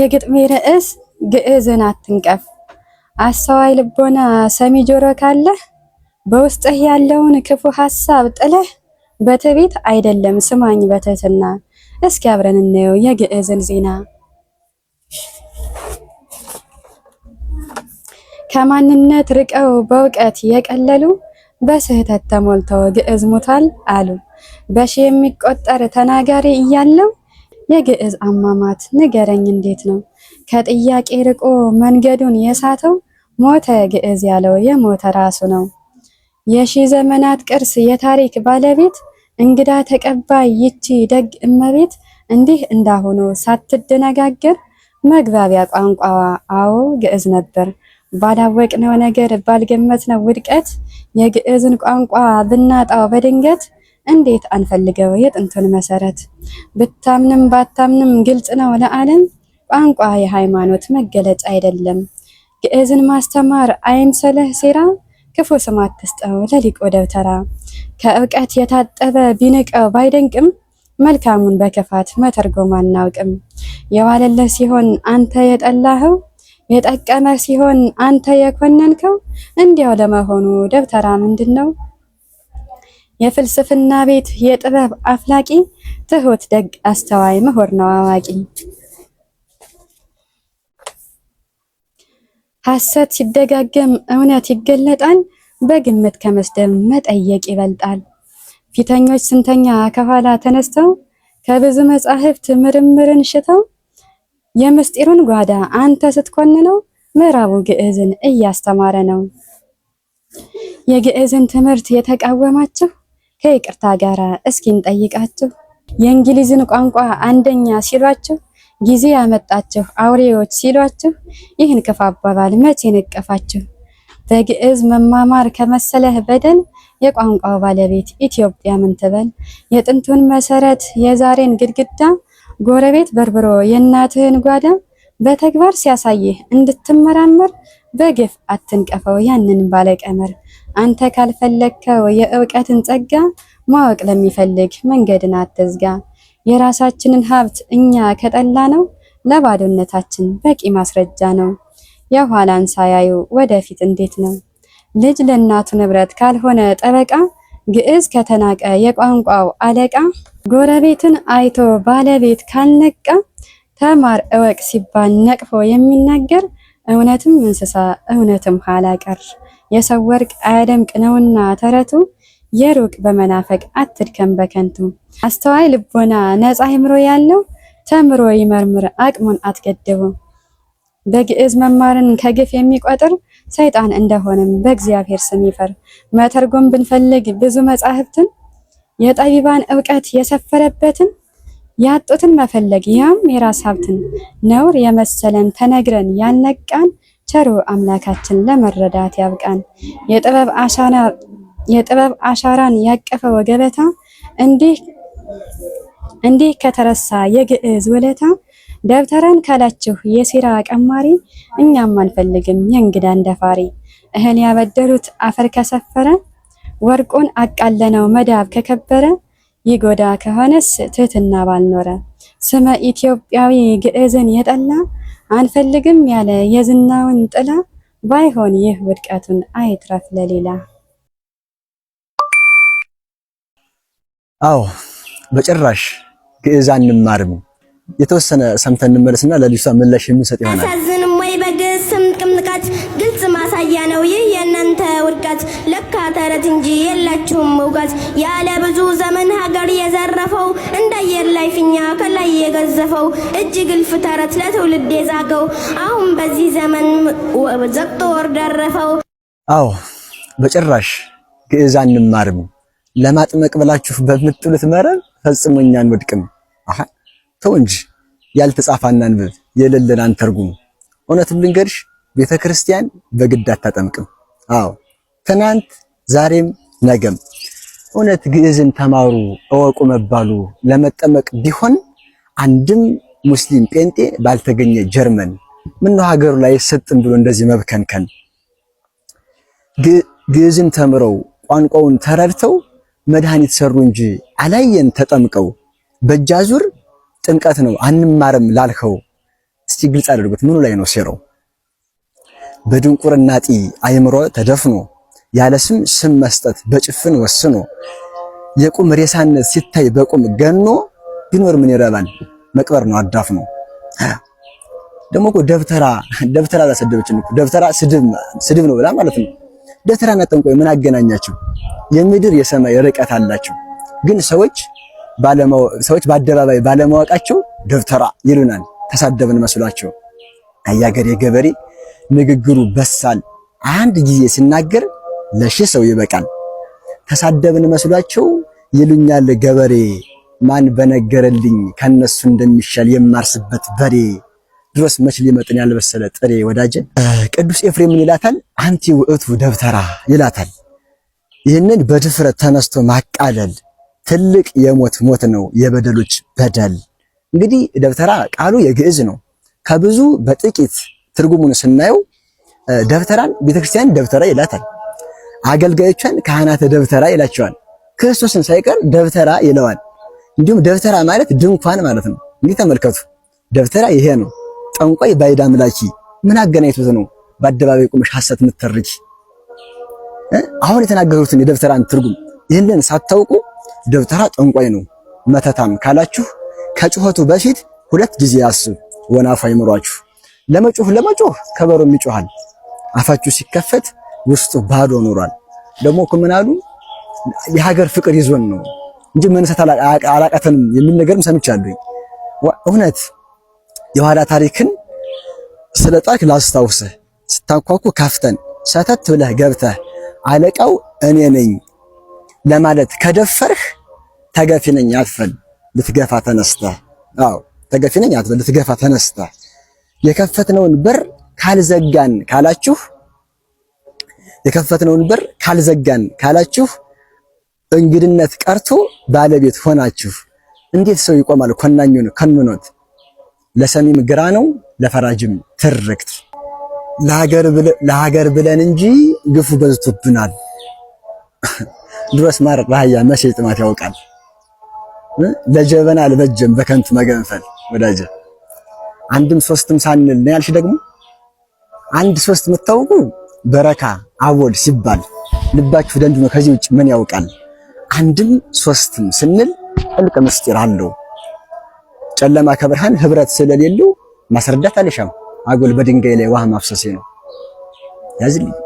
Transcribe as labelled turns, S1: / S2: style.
S1: የግጥሜ ርዕስ ግዕዝን አትንቀፍ። አስተዋይ ልቦና ሰሚ ጆሮ ካለህ በውስጥህ ያለውን ክፉ ሀሳብ ጥለህ በትዕቢት አይደለም ስማኝ በትህትና። እስኪ አብረን እናየው የግዕዝን ዜና። ከማንነት ርቀው በእውቀት የቀለሉ በስህተት ተሞልተው ግዕዝ ሙታል አሉ። በሺ የሚቆጠር ተናጋሪ እያለው የግዕዝ አሟሟት ንገረኝ እንዴት ነው? ከጥያቄ ርቆ መንገዱን የሳተው ሞተ ግዕዝ ያለው የሞተ ራሱ ነው። የሺ ዘመናት ቅርስ የታሪክ ባለቤት እንግዳ ተቀባይ ይቺ ደግ እመቤት እንዲህ እንዳሁኑ ሳትደነጋገር መግባቢያ ቋንቋዋ አዎ ግዕዝ ነበር። ባላወቅነው ነገር ባልገመትነው ውድቀት የግዕዝን ቋንቋ ብናጣው በድንገት እንዴት አንፈልገው የጥንቱን መሰረት። ብታምንም ባታምንም ግልጽ ነው ለዓለም ቋንቋ የሃይማኖት መገለጫ አይደለም። ግዕዝን ማስተማር አይምሰለህ ሴራ፣ ክፉ ስም አትስጠው ለሊቆ ደብተራ። ከእውቀት የታጠበ ቢንቀው ባይደንቅም መልካሙን በክፋት መተርጎም አናውቅም። የዋለለህ ሲሆን አንተ የጠላኸው የጠቀመህ ሲሆን አንተ የኮነንከው፣ እንዲያው ለመሆኑ ደብተራ ምንድን ነው? የፍልስፍና ቤት የጥበብ አፍላቂ ትሁት ደግ አስተዋይ ምሁር ነው አዋቂ። ሐሰት ሲደጋገም እውነት ይገለጣል። በግምት ከመስደብ መጠየቅ ይበልጣል። ፊተኞች ስንተኛ ከኋላ ተነስተው ከብዙ መጻሕፍት ምርምርን ሽተው የምስጢሩን ጓዳ አንተ ስትኮንነው ምዕራቡ ግዕዝን እያስተማረ ነው። የግዕዝን ትምህርት የተቃወማችሁ ከይቅርታ ጋር እስኪ እንጠይቃችሁ። የእንግሊዝን ቋንቋ አንደኛ ሲሏችሁ ጊዜ ያመጣችሁ አውሬዎች ሲሏችሁ ይህን ክፉ አባባል መቼ ነቀፋችሁ? በግዕዝ መማማር ከመሰለህ በደል የቋንቋው ባለቤት ኢትዮጵያ ምን ትበል? የጥንቱን መሰረት የዛሬን ግድግዳ ጎረቤት በርብሮ የእናትህን ጓዳ በተግባር ሲያሳይህ እንድትመራመር በግፍ አትንቀፈው ያንን ባለቀመር። አንተ ካልፈለግከው የእውቀትን ጸጋ ማወቅ ለሚፈልግ መንገድን አትዝጋ። የራሳችንን ሀብት እኛ ከጠላ ነው ለባዶነታችን በቂ ማስረጃ ነው። የኋላን ሳያዩ ወደፊት እንዴት ነው? ልጅ ለእናቱ ንብረት ካልሆነ ጠበቃ፣ ግዕዝ ከተናቀ የቋንቋው አለቃ፣ ጎረቤትን አይቶ ባለቤት ካልነቃ፣ ተማር እወቅ ሲባል ነቅፎ የሚናገር እውነትም እንስሳ እውነትም ኋላ ቀር የሰው ወርቅ አያደምቅ ነውና ተረቱ የሩቅ በመናፈቅ አትድከም በከንቱ። አስተዋይ ልቦና ነፃ ይምሮ ያለው ተምሮ ይመርምር አቅሙን አትገድቡ። በግዕዝ መማርን ከግፍ የሚቆጥር ሰይጣን እንደሆነም በእግዚአብሔር ስም ይፈር። መተርጎም ብንፈልግ ብዙ መጻሕፍትን የጠቢባን እውቀት የሰፈረበትን ያጡትን መፈለግ ያም የራስ ሀብትን ነውር የመሰለን ተነግረን ያልነቃን ቸሩ አምላካችን ለመረዳት ያብቃን። የጥበብ አሻራን ያቀፈው ገበታ እንዲህ ከተረሳ የግዕዝ ውለታ ደብተረን ካላችሁ የሴራ ቀማሪ እኛም አንፈልግም የእንግዳን ደፋሪ። እህል ያበደሩት አፈር ከሰፈረ ወርቁን አቃለነው መዳብ ከከበረ ይጎዳ ከሆነስ ትህትና ባልኖረ ስመ ኢትዮጵያዊ ግዕዝን የጠላ አንፈልግም ያለ የዝናውን ጥላ ባይሆን ይህ ውድቀቱን አይትረፍ ለሌላ።
S2: አዎ በጭራሽ ግዕዝ አንማርም። የተወሰነ ሰምተን እንመለስና ለልጅቷ ምላሽ የምንሰጥ
S3: ይሆናል። አሳዝንም ወይ በግዕዝ ስም ግልጽ ማሳያ ነው ይህ የእናንተ ውድቀት። ለካ ተረት እንጂ የላችሁም እውቀት ያለ ብዙ ዘመን እንደ አየር ላይ ፊኛ ከላይ የገዘፈው እጅ ግልፍ ተረት ለትውልድ የዛገው አሁን በዚህ ዘመን ዘቅጦ ወር ደረፈው።
S2: አዎ በጭራሽ ግዕዝ አንማርም ለማጥመቅ ብላችሁ በምጥሉት መረብ ፈጽሞኛ አንወድቅም። አሃ ተው እንጂ ያልተጻፋና አንብብ የሌለን አንተርጉም። ልንገርሽ ቤተክርስቲያን በግድ አታጠምቅም። አዎ ትናንት ዛሬም ነገም እውነት ግዕዝን ተማሩ እወቁ መባሉ ለመጠመቅ ቢሆን አንድም ሙስሊም ጴንጤ ባልተገኘ ጀርመን ምነው ሀገሩ ላይ ሰጥም ብሎ እንደዚህ መብከንከን። ግዕዝን ተምረው ቋንቋውን ተረድተው መድኃኒት ሰሩ እንጂ አላየን ተጠምቀው። በጃዙር ጥምቀት ነው አንማርም ላልኸው እስቲ ግልጽ አድርጉት። ምኑ ላይ ነው ሴረው? በድንቁርና ጢ አይምሮ ተደፍኖ ያለ ስም ስም መስጠት በጭፍን ወስኖ የቁም ሬሳነት ሲታይ በቁም ገኖ ቢኖር ምን ይረባል? መቅበር ነው፣ አዳፍ ነው። ደግሞ እኮ ደብተራ ደብተራ ላሰደበችን እኮ ደብተራ ስድብ ስድብ ነው ብላ ማለት ነው። ደብተራና ጠንቋይ ምን አገናኛቸው? የምድር የሰማይ ርቀት አላቸው። ግን ሰዎች ሰዎች በአደባባይ ባለማወቃቸው ደብተራ ይሉናል። ተሳደብን መስሏቸው። አያገር የገበሬ ንግግሩ በሳል አንድ ጊዜ ሲናገር ለሺህ ሰው ይበቃል። ተሳደብን መስሏቸው ይሉኛል ገበሬ ማን በነገረልኝ ከነሱ እንደሚሻል የማርስበት በሬ ድረስ መች ሊመጥን ያልበሰለ ጥሬ ወዳጄ ቅዱስ ኤፍሬምን ይላታል አንቲ ውእቱ ደብተራ ይላታል። ይህንን በድፍረት ተነስቶ ማቃለል ትልቅ የሞት ሞት ነው፣ የበደሎች በደል። እንግዲህ ደብተራ ቃሉ የግዕዝ ነው። ከብዙ በጥቂት ትርጉሙን ስናየው ደብተራን ቤተክርስቲያን ደብተራ ይላታል። አገልጋዮቿን ካህናተ ደብተራ ይላቸዋል። ክርስቶስን ሳይቀር ደብተራ ይለዋል። እንዲሁም ደብተራ ማለት ድንኳን ማለት ነው። እንግዲህ ተመልከቱ፣ ደብተራ ይሄ ነው። ጠንቋይ ባይድ አምላኪ ምን አገናኝቶት ነው በአደባባይ ቁመሽ ሐሰት የምትተርኪ? አሁን የተናገሩትን የደብተራን ትርጉም ይህንን ሳታውቁ ደብተራ ጠንቋይ ነው መተታም ካላችሁ ከጩኸቱ በፊት ሁለት ጊዜ አስብ፣ ወናፍ አይምሯችሁ። ለመጮህ ለመጮህ ከበሮም ይጮሃል። አፋችሁ ሲከፈት ውስጡ ባዶ ኑሯል ደግሞ ከምናሉ የሀገር ፍቅር ይዞን ነው እንጂ መነሳት አላቃተንም የሚል ነገርም ሰምቻለሁ። እውነት የኋላ ታሪክን ስለ ጣልክ ላስታውስህ። ስታንኳኩ ካፍተን ሰተት ብለህ ገብተህ አለቃው እኔ ነኝ ለማለት ከደፈርህ ተገፊ ነኝ አትፈል። ልትገፋ ተነስተህ አዎ ተገፊ ነኝ አትፈል። ልትገፋ ተነስተህ የከፈትነውን በር ካልዘጋን ካላችሁ የከፈትነውን በር ካልዘጋን ካላችሁ እንግድነት ቀርቶ ባለቤት ሆናችሁ። እንዴት ሰው ይቆማል? ኮናኙን ከንኖት ለሰሚም ግራ ነው ለፈራጅም ትርክት። ለሀገር ብለን እንጂ ግፉ በዝቶብናል። ድሮስ ማር ራህያ መቼ ጥማት ያውቃል። ለጀበና አልበጀም በከንቱ መገንፈል። ወዳጀ አንድም ሶስትም ሳንል ነው ያልሽ ደግሞ አንድ ሶስት የምታውቁ በረካ አወል ሲባል ልባችሁ ደንድ ነው። ከዚህ ውጭ ምን ያውቃል? አንድም ሶስትም ስንል ጥልቅ ምስጢር አለው። ጨለማ ከብርሃን ህብረት ስለሌለው ማስረዳት አልሻም። አጎል በድንጋይ ላይ ውሃ ማፍሰሴ ነው ያዝልኝ።